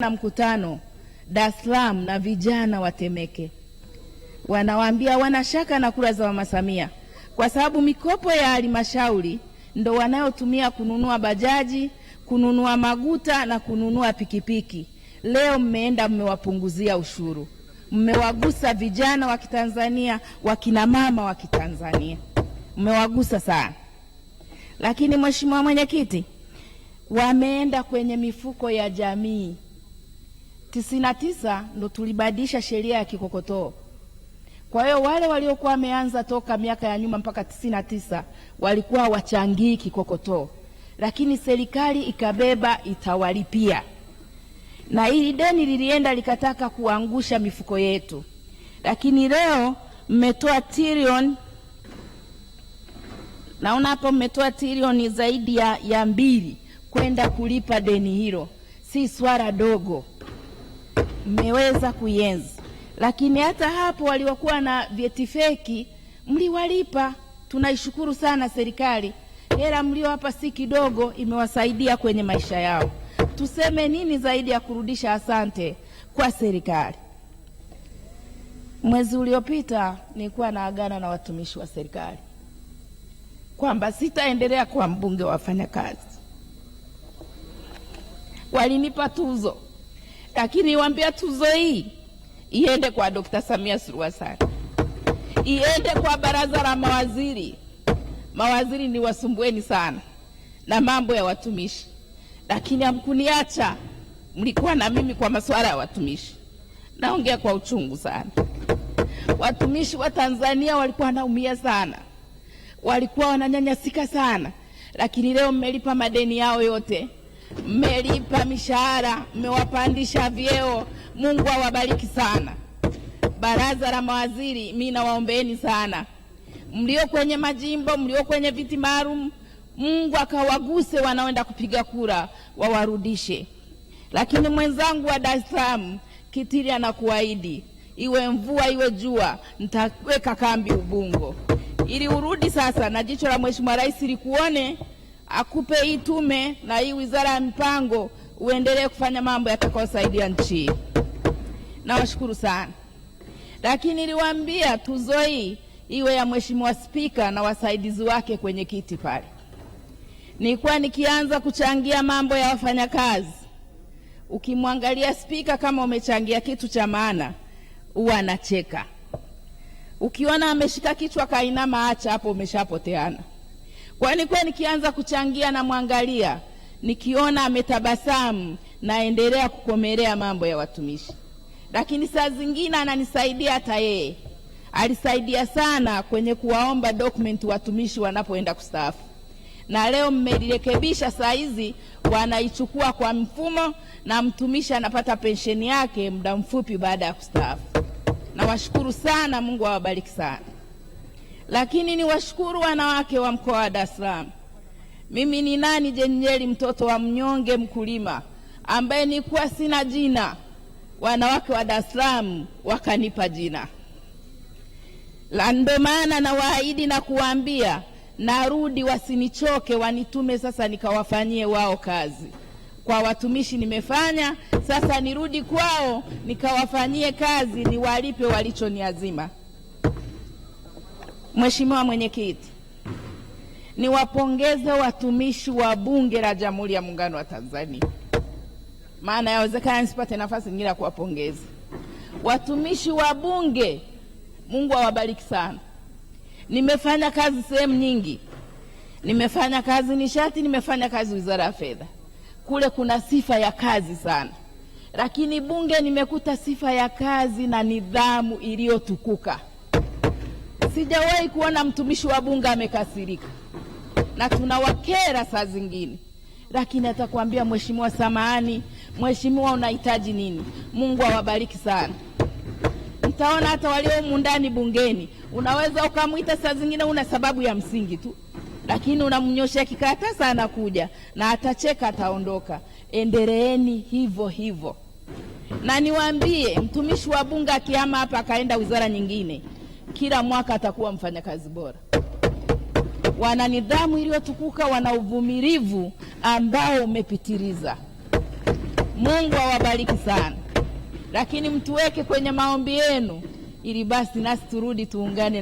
Na mkutano Dar es Salaam na vijana wa Temeke, wanawaambia wana shaka na kura za mama Samia kwa sababu mikopo ya halmashauri ndo wanayotumia kununua bajaji, kununua maguta na kununua pikipiki. Leo mmeenda mmewapunguzia ushuru, mmewagusa vijana wa Kitanzania, wakina mama wa Kitanzania, mmewagusa sana. Lakini mheshimiwa mwenyekiti, wameenda kwenye mifuko ya jamii tisini na tisa ndo tulibadilisha sheria ya kikokotoo. Kwa hiyo wale waliokuwa wameanza toka miaka ya nyuma mpaka tisini na tisa walikuwa wachangii kikokotoo, lakini serikali ikabeba itawalipia, na hili deni lilienda likataka kuangusha mifuko yetu, lakini leo mmetoa trilioni naona hapo mmetoa trilioni zaidi ya, ya mbili kwenda kulipa deni hilo, si swala dogo mmeweza kuienzi. Lakini hata hapo waliokuwa na vyeti feki mliwalipa. Tunaishukuru sana serikali, hela mliowapa si kidogo, imewasaidia kwenye maisha yao. Tuseme nini zaidi ya kurudisha asante kwa serikali? Mwezi uliopita nilikuwa agana na watumishi wa serikali kwamba sitaendelea kuwa mbunge wa wafanyakazi. Walinipa tuzo lakini niwaambia tuzo hii iende kwa Dr. Samia Suluhu Hassan, iende kwa baraza la mawaziri. Mawaziri ni wasumbueni sana na mambo ya watumishi, lakini hamkuniacha, mlikuwa na mimi kwa masuala ya watumishi. Naongea kwa uchungu sana. Watumishi wa Tanzania walikuwa wanaumia sana, walikuwa wananyanyasika sana, lakini leo mmelipa madeni yao yote mmelipa mishahara, mmewapandisha vyeo. Mungu awabariki sana. Baraza la mawaziri, mi nawaombeeni sana, mlio kwenye majimbo, mlio kwenye viti maalum, Mungu akawaguse wanaoenda kupiga kura, wawarudishe. Lakini mwenzangu wa Dar es Salaam Kitili anakuahidi iwe mvua iwe jua, nitaweka kambi Ubungo ili urudi sasa, na jicho la Mheshimiwa Rais likuone akupe hii tume na hii wizara ya mipango uendelee kufanya mambo yatakayosaidia nchi Nawashukuru sana, lakini niliwaambia tuzo hii iwe ya Mheshimiwa Spika na wasaidizi wake kwenye kiti pale. Nilikuwa nikianza kuchangia mambo ya wafanyakazi, ukimwangalia Spika kama umechangia kitu cha maana huwa anacheka. Ukiona ameshika kichwa kainama, acha hapo, umeshapoteana. Kwa nilikuwa nikianza kuchangia namwangalia, nikiona ametabasamu, naendelea kukomelea mambo ya watumishi, lakini saa zingine ananisaidia hata yeye alisaidia sana kwenye kuwaomba dokumenti watumishi wanapoenda kustaafu, na leo mmelirekebisha, saa hizi wanaichukua kwa mfumo na mtumishi anapata pensheni yake muda mfupi baada ya kustaafu. Nawashukuru sana, Mungu awabariki sana. Lakini niwashukuru wanawake wa mkoa wa Dar es Salaam. Mimi ni nani Jenjeli, mtoto wa mnyonge mkulima ambaye nilikuwa sina jina, wanawake wa Dar es Salaam wakanipa jina la. Ndo maana nawaahidi na kuwaambia narudi, wasinichoke, wanitume sasa nikawafanyie wao kazi. Kwa watumishi nimefanya, sasa nirudi kwao nikawafanyie kazi, niwalipe walichoniazima. Mheshimiwa Mwenyekiti, niwapongeze watumishi wa Bunge la Jamhuri ya Muungano wa Tanzania, maana yawezekana nisipate nafasi nyingine ya kuwapongeza watumishi wa Bunge. Mungu awabariki sana. Nimefanya kazi sehemu nyingi, nimefanya kazi nishati, nimefanya kazi wizara ya fedha, kule kuna sifa ya kazi sana, lakini Bunge nimekuta sifa ya kazi na nidhamu iliyotukuka sijawahi kuona mtumishi wa Bunge amekasirika, na tunawakera saa zingine, lakini atakwambia mheshimiwa, samahani mheshimiwa, unahitaji nini? Mungu awabariki sana. Mtaona hata walio humu ndani bungeni, unaweza ukamwita saa zingine una sababu ya msingi tu, lakini unamnyoshea kikaratasi, anakuja na atacheka, ataondoka. Endeleeni hivyo hivyo, na niwaambie, mtumishi wa Bunge akihama hapa akaenda wizara nyingine kila mwaka atakuwa mfanyakazi bora. Wana nidhamu iliyotukuka, wana uvumilivu ambao umepitiliza. Mungu awabariki sana, lakini mtuweke kwenye maombi yenu, ili basi nasi turudi tuungane.